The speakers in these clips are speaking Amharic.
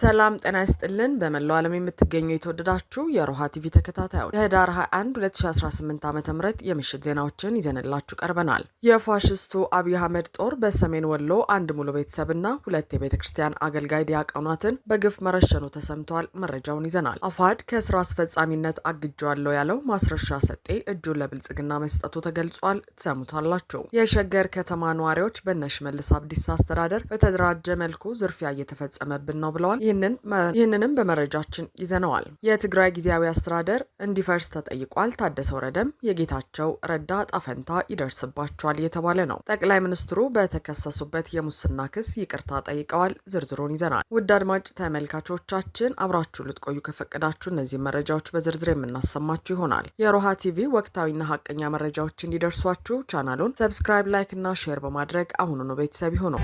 ሰላም ጤና ይስጥልን። በመላው ዓለም የምትገኙ የተወደዳችሁ የሮሃ ቲቪ ተከታታዮች የህዳር 21 2018 ዓ ም የምሽት ዜናዎችን ይዘንላችሁ ቀርበናል። የፋሽስቱ አብይ አህመድ ጦር በሰሜን ወሎ አንድ ሙሉ ቤተሰብና ሁለት የቤተ ክርስቲያን አገልጋይ ዲያቆናትን በግፍ መረሸኑ ተሰምቷል። መረጃውን ይዘናል። አፋድ ከስራ አስፈጻሚነት አግጀዋለሁ ያለው ማስረሻ ሰጤ እጁን ለብልጽግና መስጠቱ ተገልጿል። ትሰሙታላችሁ። የሸገር ከተማ ነዋሪዎች በነሽ ሽመልስ አብዲሳ አስተዳደር በተደራጀ መልኩ ዝርፊያ እየተፈጸመብን ነው ብለዋል። ይህንንም በመረጃችን ይዘነዋል። የትግራይ ጊዜያዊ አስተዳደር እንዲፈርስ ተጠይቋል። ታደሰ ወረደም የጌታቸው ረዳ ጣፈንታ ይደርስባቸዋል እየተባለ ነው። ጠቅላይ ሚኒስትሩ በተከሰሱበት የሙስና ክስ ይቅርታ ጠይቀዋል። ዝርዝሩን ይዘናል። ውድ አድማጭ ተመልካቾቻችን አብራችሁ ልትቆዩ ከፈቀዳችሁ እነዚህ መረጃዎች በዝርዝር የምናሰማችሁ ይሆናል። የሮሃ ቲቪ ወቅታዊና ሀቀኛ መረጃዎች እንዲደርሷችሁ ቻናሉን ሰብስክራይብ፣ ላይክ እና ሼር በማድረግ አሁኑኑ ቤተሰብ ይሁኑ።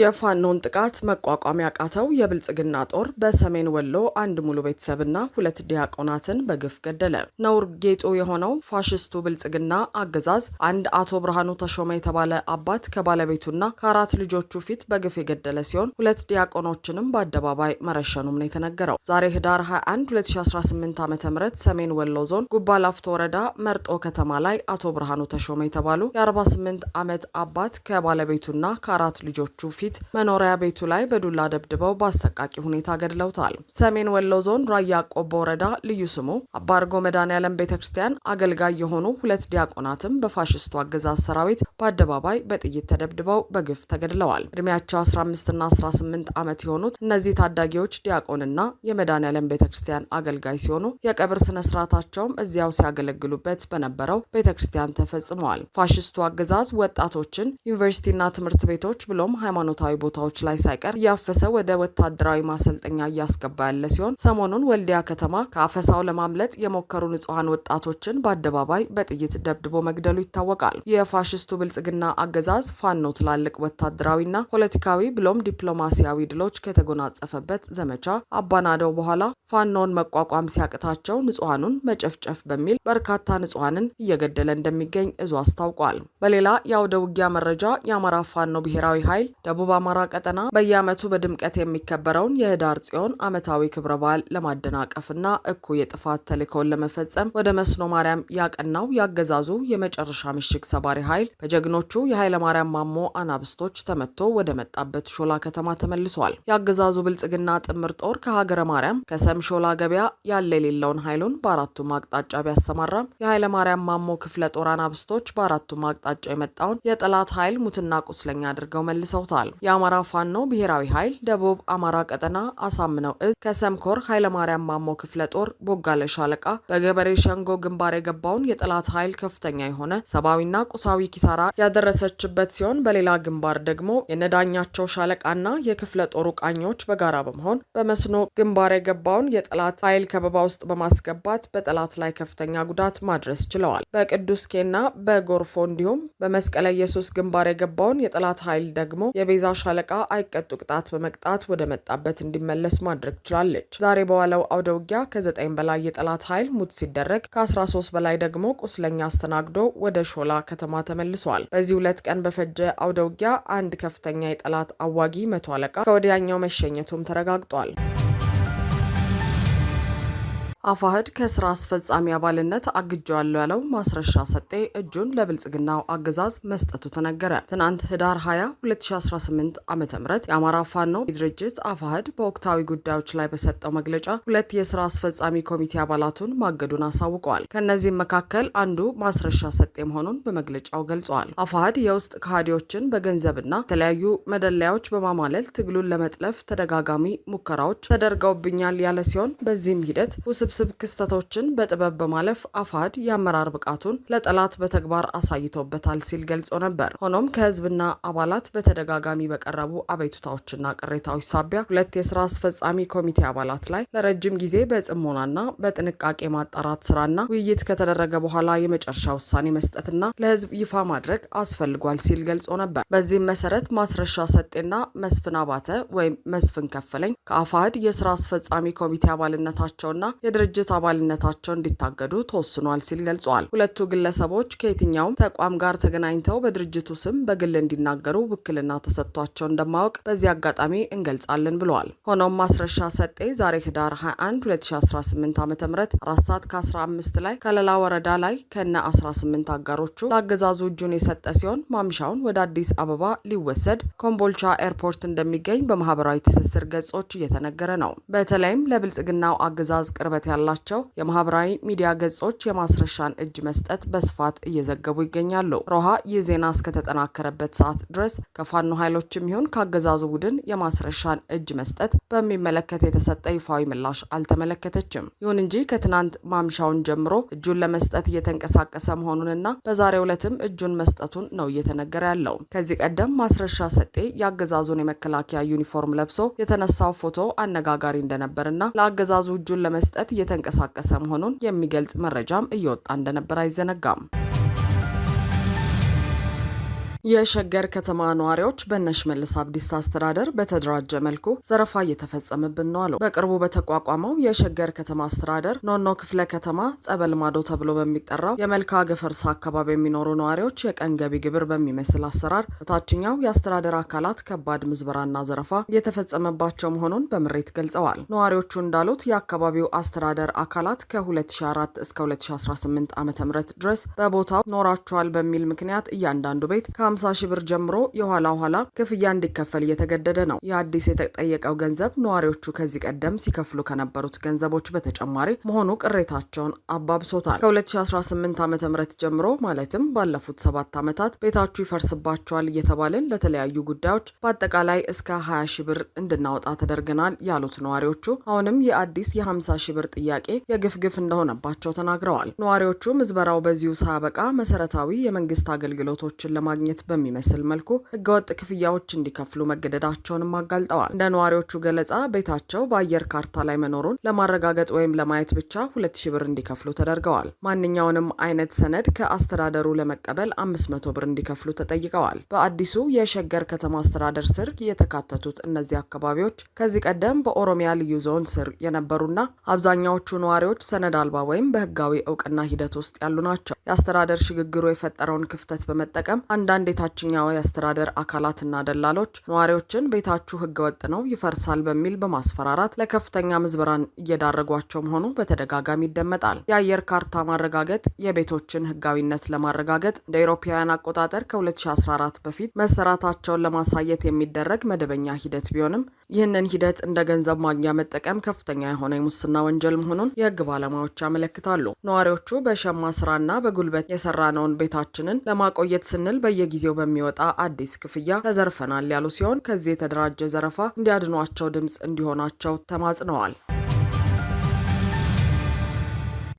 የፋኖን ጥቃት መቋቋም ያቃተው የብልጽግና ጦር በሰሜን ወሎ አንድ ሙሉ ቤተሰብና ሁለት ዲያቆናትን በግፍ ገደለ። ነውር ጌጡ የሆነው ፋሽስቱ ብልጽግና አገዛዝ አንድ አቶ ብርሃኑ ተሾመ የተባለ አባት ከባለቤቱና ከአራት ልጆቹ ፊት በግፍ የገደለ ሲሆን ሁለት ዲያቆኖችንም በአደባባይ መረሸኑም ነው የተነገረው። ዛሬ ህዳር 21 2018 ዓ ም ሰሜን ወሎ ዞን ጉባ ላፍቶ ወረዳ መርጦ ከተማ ላይ አቶ ብርሃኑ ተሾመ የተባሉ የ48 ዓመት አባት ከባለቤቱና ከአራት ልጆቹ ፊት በፊት መኖሪያ ቤቱ ላይ በዱላ ደብድበው በአሰቃቂ ሁኔታ ገድለውታል። ሰሜን ወሎ ዞን ራያ ቆቦ ወረዳ ልዩ ስሙ አባርጎ መድኃኔዓለም ቤተ ክርስቲያን አገልጋይ የሆኑ ሁለት ዲያቆናትም በፋሽስቱ አገዛዝ ሰራዊት በአደባባይ በጥይት ተደብድበው በግፍ ተገድለዋል። እድሜያቸው 15ና 18 ዓመት የሆኑት እነዚህ ታዳጊዎች ዲያቆንና የመድኃኔዓለም ቤተ ክርስቲያን አገልጋይ ሲሆኑ የቀብር ስነ ስርዓታቸውም እዚያው ሲያገለግሉበት በነበረው ቤተ ክርስቲያን ተፈጽመዋል። ፋሽስቱ አገዛዝ ወጣቶችን ዩኒቨርሲቲና ትምህርት ቤቶች ብሎም ሃይማኖት ሃይማኖታዊ ቦታዎች ላይ ሳይቀር እያፈሰ ወደ ወታደራዊ ማሰልጠኛ እያስገባ ያለ ሲሆን ሰሞኑን ወልዲያ ከተማ ከአፈሳው ለማምለጥ የሞከሩ ንጹሐን ወጣቶችን በአደባባይ በጥይት ደብድቦ መግደሉ ይታወቃል። የፋሽስቱ ብልጽግና አገዛዝ ፋኖ ትላልቅ ወታደራዊና ፖለቲካዊ ብሎም ዲፕሎማሲያዊ ድሎች ከተጎናጸፈበት ዘመቻ አባናደው በኋላ ፋኖን መቋቋም ሲያቅታቸው ንጹሐኑን መጨፍጨፍ በሚል በርካታ ንጹሐንን እየገደለ እንደሚገኝ እዙ አስታውቋል። በሌላ የአውደ ውጊያ መረጃ የአማራ ፋኖ ብሔራዊ ኃይል በደቡብ አማራ ቀጠና በየዓመቱ በድምቀት የሚከበረውን የህዳር ጽዮን ዓመታዊ ክብረ በዓል ለማደናቀፍና እኩይ የጥፋት ተልእኮውን ለመፈጸም ወደ መስኖ ማርያም ያቀናው ያገዛዙ የመጨረሻ ምሽግ ሰባሪ ኃይል በጀግኖቹ የኃይለ ማርያም ማሞ አናብስቶች ተመቶ ወደ መጣበት ሾላ ከተማ ተመልሷል። የአገዛዙ ብልጽግና ጥምር ጦር ከሀገረ ማርያም ከሰም ሾላ ገበያ ያለ የሌለውን ኃይሉን በአራቱም አቅጣጫ ቢያሰማራም ማርያም ማሞ ክፍለ ጦር አናብስቶች በአራቱም አቅጣጫ የመጣውን የጠላት ኃይል ሙትና ቁስለኛ አድርገው መልሰውታል። ይገኛል። የአማራ ፋኖ ብሔራዊ ኃይል ደቡብ አማራ ቀጠና አሳምነው እዝ ከሰምኮር ኃይለማርያም ማሞ ክፍለ ጦር ቦጋለ ሻለቃ በገበሬ ሸንጎ ግንባር የገባውን የጠላት ኃይል ከፍተኛ የሆነ ሰብአዊና ቁሳዊ ኪሳራ ያደረሰችበት ሲሆን በሌላ ግንባር ደግሞ የነዳኛቸው ሻለቃና የክፍለ ጦሩ ቃኞች በጋራ በመሆን በመስኖ ግንባር የገባውን የጠላት ኃይል ከበባ ውስጥ በማስገባት በጠላት ላይ ከፍተኛ ጉዳት ማድረስ ችለዋል። በቅዱስ ኬና በጎርፎ እንዲሁም በመስቀለ ኢየሱስ ግንባር የገባውን የጠላት ኃይል ደግሞ የቤ ቤዛ ሻለቃ አይቀጡ ቅጣት በመቅጣት ወደ መጣበት እንዲመለስ ማድረግ ችላለች። ዛሬ በዋለው አውደ ውጊያ ከዘጠኝ በላይ የጠላት ኃይል ሙት ሲደረግ ከ13 በላይ ደግሞ ቁስለኛ አስተናግዶ ወደ ሾላ ከተማ ተመልሷል። በዚህ ሁለት ቀን በፈጀ አውደ ውጊያ አንድ ከፍተኛ የጠላት አዋጊ መቶ አለቃ ከወዲያኛው መሸኘቱም ተረጋግጧል። አፋሕድ ከስራ አስፈጻሚ አባልነት አግጀዋለሁ ያለው ማስረሻ ሰጤ እጁን ለብልጽግናው አገዛዝ መስጠቱ ተነገረ። ትናንት ህዳር 20 2018 ዓ ም የአማራ ፋኖ ድርጅት አፋሕድ በወቅታዊ ጉዳዮች ላይ በሰጠው መግለጫ ሁለት የስራ አስፈጻሚ ኮሚቴ አባላቱን ማገዱን አሳውቀዋል። ከእነዚህም መካከል አንዱ ማስረሻ ሰጤ መሆኑን በመግለጫው ገልጸዋል። አፋህድ የውስጥ ከሃዲዎችን በገንዘብና የተለያዩ መደለያዎች በማማለል ትግሉን ለመጥለፍ ተደጋጋሚ ሙከራዎች ተደርገውብኛል ያለ ሲሆን በዚህም ሂደት ውስብ ውስብስብ ክስተቶችን በጥበብ በማለፍ አፋድ የአመራር ብቃቱን ለጠላት በተግባር አሳይቶበታል ሲል ገልጾ ነበር። ሆኖም ከህዝብና አባላት በተደጋጋሚ በቀረቡ አቤቱታዎችና ቅሬታዎች ሳቢያ ሁለት የስራ አስፈጻሚ ኮሚቴ አባላት ላይ ለረጅም ጊዜ በጽሞናና በጥንቃቄ ማጣራት ስራና ውይይት ከተደረገ በኋላ የመጨረሻ ውሳኔ መስጠትና ለህዝብ ይፋ ማድረግ አስፈልጓል ሲል ገልጾ ነበር። በዚህም መሰረት ማስረሻ ሰጤና መስፍን አባተ ወይም መስፍን ከፈለኝ ከአፋሕድ የስራ አስፈጻሚ ኮሚቴ አባልነታቸውና ከድርጅት አባልነታቸው እንዲታገዱ ተወስኗል ሲል ገልጿል። ሁለቱ ግለሰቦች ከየትኛውም ተቋም ጋር ተገናኝተው በድርጅቱ ስም በግል እንዲናገሩ ውክልና ተሰጥቷቸው እንደማወቅ በዚህ አጋጣሚ እንገልጻለን ብለዋል። ሆኖም ማስረሻ ሰጤ ዛሬ ህዳር 21 2018 ዓ ም አራት ሰዓት ከ15 ላይ ከለላ ወረዳ ላይ ከነ 18 አጋሮቹ ለአገዛዙ እጁን የሰጠ ሲሆን ማምሻውን ወደ አዲስ አበባ ሊወሰድ ኮምቦልቻ ኤርፖርት እንደሚገኝ በማህበራዊ ትስስር ገጾች እየተነገረ ነው። በተለይም ለብልጽግናው አገዛዝ ቅርበት ያላቸው የማህበራዊ ሚዲያ ገጾች የማስረሻን እጅ መስጠት በስፋት እየዘገቡ ይገኛሉ። ሮሃ ይህ ዜና እስከተጠናከረበት ሰዓት ድረስ ከፋኖ ኃይሎችም ይሁን ከአገዛዙ ቡድን የማስረሻን እጅ መስጠት በሚመለከት የተሰጠ ይፋዊ ምላሽ አልተመለከተችም። ይሁን እንጂ ከትናንት ማምሻውን ጀምሮ እጁን ለመስጠት እየተንቀሳቀሰ መሆኑንና በዛሬ ዕለትም እጁን መስጠቱን ነው እየተነገረ ያለው። ከዚህ ቀደም ማስረሻ ሰጤ የአገዛዙን የመከላከያ ዩኒፎርም ለብሶ የተነሳው ፎቶ አነጋጋሪ እንደነበርና ለአገዛዙ እጁን ለመስጠት እየተንቀሳቀሰ መሆኑን የሚገልጽ መረጃም እየወጣ እንደነበር አይዘነጋም። የሸገር ከተማ ነዋሪዎች በእነሽመልስ አብዲሳ አስተዳደር በተደራጀ መልኩ ዘረፋ እየተፈጸመብን ነው አለው። በቅርቡ በተቋቋመው የሸገር ከተማ አስተዳደር ኖኖ ክፍለ ከተማ ጸበል ማዶ ተብሎ በሚጠራው የመልካ ገፈርሳ አካባቢ የሚኖሩ ነዋሪዎች የቀን ገቢ ግብር በሚመስል አሰራር በታችኛው የአስተዳደር አካላት ከባድ ምዝበራና ዘረፋ እየተፈጸመባቸው መሆኑን በምሬት ገልጸዋል። ነዋሪዎቹ እንዳሉት የአካባቢው አስተዳደር አካላት ከ2004 እስከ 2018 ዓ ም ድረስ በቦታው ኖራቸዋል በሚል ምክንያት እያንዳንዱ ቤት ከ50 ሺህ ብር ጀምሮ የኋላ ኋላ ክፍያ እንዲከፈል እየተገደደ ነው። የአዲስ አዲስ የተጠየቀው ገንዘብ ነዋሪዎቹ ከዚህ ቀደም ሲከፍሉ ከነበሩት ገንዘቦች በተጨማሪ መሆኑ ቅሬታቸውን አባብሶታል። ከ2018 ዓ ም ጀምሮ ማለትም ባለፉት ሰባት ዓመታት ቤታችሁ ይፈርስባቸዋል እየተባልን ለተለያዩ ጉዳዮች በአጠቃላይ እስከ 20 ሺ ብር እንድናወጣ ተደርገናል ያሉት ነዋሪዎቹ አሁንም የአዲስ የ50 ሺ ብር ጥያቄ የግፍግፍ እንደሆነባቸው ተናግረዋል። ነዋሪዎቹ ምዝበራው በዚሁ ሳያበቃ መሰረታዊ የመንግስት አገልግሎቶችን ለማግኘት ባለቤት በሚመስል መልኩ ህገወጥ ክፍያዎች እንዲከፍሉ መገደዳቸውንም አጋልጠዋል። እንደ ነዋሪዎቹ ገለጻ ቤታቸው በአየር ካርታ ላይ መኖሩን ለማረጋገጥ ወይም ለማየት ብቻ ሁለት ሺ ብር እንዲከፍሉ ተደርገዋል። ማንኛውንም አይነት ሰነድ ከአስተዳደሩ ለመቀበል አምስት መቶ ብር እንዲከፍሉ ተጠይቀዋል። በአዲሱ የሸገር ከተማ አስተዳደር ስር የተካተቱት እነዚህ አካባቢዎች ከዚህ ቀደም በኦሮሚያ ልዩ ዞን ስር የነበሩና አብዛኛዎቹ ነዋሪዎች ሰነድ አልባ ወይም በህጋዊ እውቅና ሂደት ውስጥ ያሉ ናቸው። የአስተዳደር ሽግግሩ የፈጠረውን ክፍተት በመጠቀም አንዳንድ አንድ የታችኛው የአስተዳደር አካላትና ደላሎች ነዋሪዎችን ቤታችሁ ህገወጥ ነው ይፈርሳል በሚል በማስፈራራት ለከፍተኛ ምዝበራን እየዳረጓቸው መሆኑ በተደጋጋሚ ይደመጣል። የአየር ካርታ ማረጋገጥ የቤቶችን ህጋዊነት ለማረጋገጥ እንደ አውሮፓውያን አቆጣጠር ከ2014 በፊት መሰራታቸውን ለማሳየት የሚደረግ መደበኛ ሂደት ቢሆንም ይህንን ሂደት እንደ ገንዘብ ማግኛ መጠቀም ከፍተኛ የሆነ የሙስና ወንጀል መሆኑን የህግ ባለሙያዎች ያመለክታሉ። ነዋሪዎቹ በሸማ ስራና በጉልበት የሰራነውን ቤታችንን ለማቆየት ስንል በየጊዜው በሚወጣ አዲስ ክፍያ ተዘርፈናል ያሉ ሲሆን ከዚህ የተደራጀ ዘረፋ እንዲያድኗቸው ድምፅ እንዲሆናቸው ተማጽነዋል።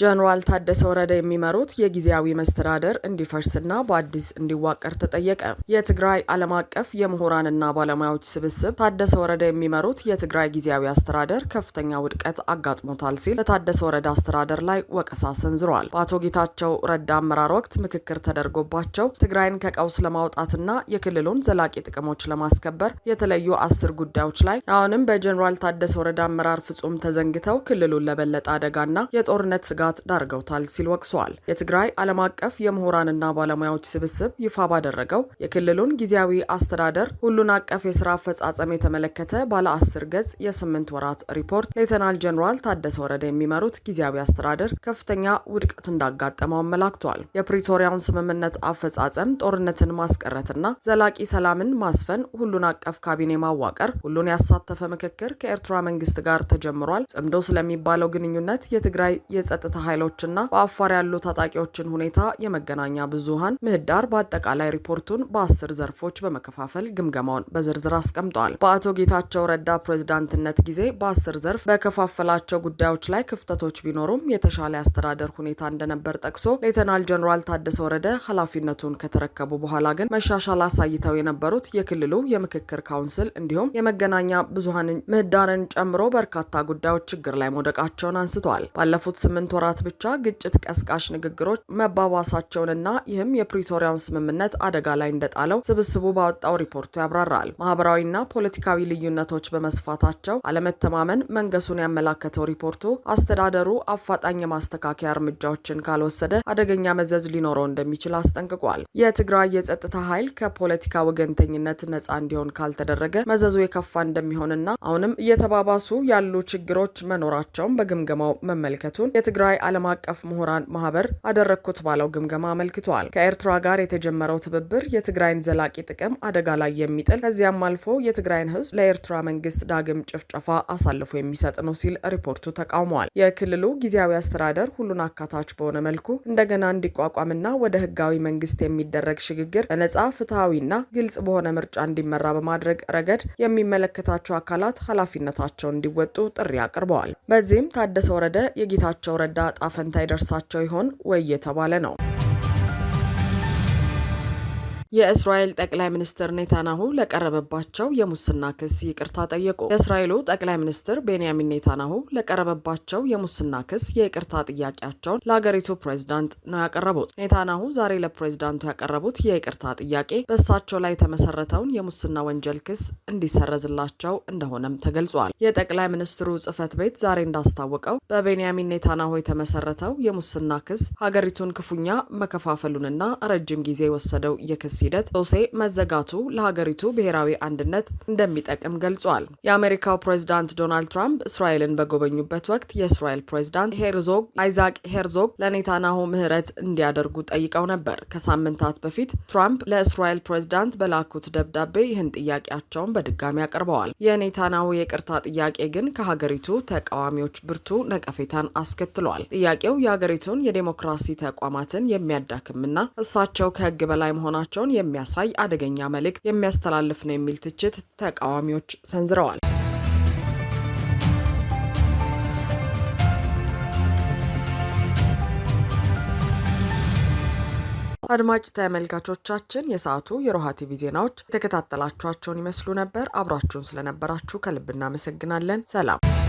ጀኔራል ታደሰ ወረደ የሚመሩት የጊዜያዊ መስተዳደር እንዲፈርስና በአዲስ እንዲዋቀር ተጠየቀ። የትግራይ ዓለም አቀፍ የምሁራንና ባለሙያዎች ስብስብ ታደሰ ወረደ የሚመሩት የትግራይ ጊዜያዊ አስተዳደር ከፍተኛ ውድቀት አጋጥሞታል ሲል በታደሰ ወረደ አስተዳደር ላይ ወቀሳ ሰንዝሯል። በአቶ ጌታቸው ረዳ አመራር ወቅት ምክክር ተደርጎባቸው ትግራይን ከቀውስ ለማውጣትና የክልሉን ዘላቂ ጥቅሞች ለማስከበር የተለዩ አስር ጉዳዮች ላይ አሁንም በጀኔራል ታደሰ ወረደ አመራር ፍጹም ተዘንግተው ክልሉን ለበለጠ አደጋና የጦርነት ስጋት ለጉዳት ዳርገውታል ሲል ወቅሷል። የትግራይ ዓለም አቀፍ የምሁራንና ባለሙያዎች ስብስብ ይፋ ባደረገው የክልሉን ጊዜያዊ አስተዳደር ሁሉን አቀፍ የስራ አፈጻጸም የተመለከተ ባለ አስር ገጽ የስምንት ወራት ሪፖርት ሌተናል ጀኔራል ታደሰ ወረደ የሚመሩት ጊዜያዊ አስተዳደር ከፍተኛ ውድቀት እንዳጋጠመው አመላክቷል። የፕሪቶሪያውን ስምምነት አፈጻጸም፣ ጦርነትን ማስቀረትና ዘላቂ ሰላምን ማስፈን፣ ሁሉን አቀፍ ካቢኔ ማዋቀር፣ ሁሉን ያሳተፈ ምክክር ከኤርትራ መንግስት ጋር ተጀምሯል፣ ጽምዶ ስለሚባለው ግንኙነት የትግራይ የጸጥታ ኃይሎችና በአፋር ያሉ ታጣቂዎችን ሁኔታ የመገናኛ ብዙሃን ምህዳር በአጠቃላይ ሪፖርቱን በአስር ዘርፎች በመከፋፈል ግምገማውን በዝርዝር አስቀምጠዋል። በአቶ ጌታቸው ረዳ ፕሬዝዳንትነት ጊዜ በአስር ዘርፍ በከፋፈላቸው ጉዳዮች ላይ ክፍተቶች ቢኖሩም የተሻለ አስተዳደር ሁኔታ እንደነበር ጠቅሶ ሌተናል ጀኔራል ታደሰ ወረደ ኃላፊነቱን ከተረከቡ በኋላ ግን መሻሻል አሳይተው የነበሩት የክልሉ የምክክር ካውንስል እንዲሁም የመገናኛ ብዙሃን ምህዳርን ጨምሮ በርካታ ጉዳዮች ችግር ላይ መውደቃቸውን አንስተዋል። ባለፉት ስምንት ወራት ብቻ ግጭት ቀስቃሽ ንግግሮች መባባሳቸውንና ይህም የፕሪቶሪያውን ስምምነት አደጋ ላይ እንደጣለው ስብስቡ ባወጣው ሪፖርቱ ያብራራል። ማህበራዊና ፖለቲካዊ ልዩነቶች በመስፋታቸው አለመተማመን መንገሱን ያመላከተው ሪፖርቱ አስተዳደሩ አፋጣኝ የማስተካከያ እርምጃዎችን ካልወሰደ አደገኛ መዘዝ ሊኖረው እንደሚችል አስጠንቅቋል። የትግራይ የጸጥታ ኃይል ከፖለቲካ ወገንተኝነት ነጻ እንዲሆን ካልተደረገ መዘዙ የከፋ እንደሚሆንና አሁንም እየተባባሱ ያሉ ችግሮች መኖራቸውን በግምገማው መመልከቱን የትግራይ ትግራይ ዓለም አቀፍ ምሁራን ማህበር አደረግኩት ባለው ግምገማ አመልክቷል። ከኤርትራ ጋር የተጀመረው ትብብር የትግራይን ዘላቂ ጥቅም አደጋ ላይ የሚጥል ከዚያም አልፎ የትግራይን ህዝብ ለኤርትራ መንግስት ዳግም ጭፍጨፋ አሳልፎ የሚሰጥ ነው ሲል ሪፖርቱ ተቃውሟል። የክልሉ ጊዜያዊ አስተዳደር ሁሉን አካታች በሆነ መልኩ እንደገና እንዲቋቋምና ወደ ህጋዊ መንግስት የሚደረግ ሽግግር በነጻ ፍትሐዊና ግልጽ በሆነ ምርጫ እንዲመራ በማድረግ ረገድ የሚመለከታቸው አካላት ኃላፊነታቸውን እንዲወጡ ጥሪ አቅርበዋል። በዚህም ታደሰ ወረደ የጌታቸው ረዳ እጣ ጣፈንታ ይደርሳቸው ይሆን ወይ እየተባለ ነው። የእስራኤል ጠቅላይ ሚኒስትር ኔታንያሁ ለቀረበባቸው የሙስና ክስ ይቅርታ ጠየቁ። የእስራኤሉ ጠቅላይ ሚኒስትር ቤንያሚን ኔታናሁ ለቀረበባቸው የሙስና ክስ የይቅርታ ጥያቄያቸውን ለአገሪቱ ፕሬዝዳንት ነው ያቀረቡት። ኔታናሁ ዛሬ ለፕሬዝዳንቱ ያቀረቡት የይቅርታ ጥያቄ በእሳቸው ላይ የተመሰረተውን የሙስና ወንጀል ክስ እንዲሰረዝላቸው እንደሆነም ተገልጿል። የጠቅላይ ሚኒስትሩ ጽህፈት ቤት ዛሬ እንዳስታወቀው በቤንያሚን ኔታናሁ የተመሰረተው የሙስና ክስ ሀገሪቱን ክፉኛ መከፋፈሉንና ረጅም ጊዜ የወሰደው የክስ ሂደት ሶሴ መዘጋቱ ለሀገሪቱ ብሔራዊ አንድነት እንደሚጠቅም ገልጿል። የአሜሪካው ፕሬዚዳንት ዶናልድ ትራምፕ እስራኤልን በጎበኙበት ወቅት የእስራኤል ፕሬዚዳንት ሄርዞግ አይዛቅ ሄርዞግ ለኔታናሁ ምህረት እንዲያደርጉ ጠይቀው ነበር። ከሳምንታት በፊት ትራምፕ ለእስራኤል ፕሬዚዳንት በላኩት ደብዳቤ ይህን ጥያቄያቸውን በድጋሚ አቅርበዋል። የኔታናሁ የቅርታ ጥያቄ ግን ከሀገሪቱ ተቃዋሚዎች ብርቱ ነቀፌታን አስከትሏል። ጥያቄው የሀገሪቱን የዴሞክራሲ ተቋማትን የሚያዳክምና እሳቸው ከህግ በላይ መሆናቸውን መሆኑን የሚያሳይ አደገኛ መልእክት የሚያስተላልፍ ነው የሚል ትችት ተቃዋሚዎች ሰንዝረዋል። አድማጭ ተመልካቾቻችን የሰዓቱ የሮሃ ቲቪ ዜናዎች የተከታተላችኋቸውን ይመስሉ ነበር። አብራችሁን ስለነበራችሁ ከልብ እናመሰግናለን። ሰላም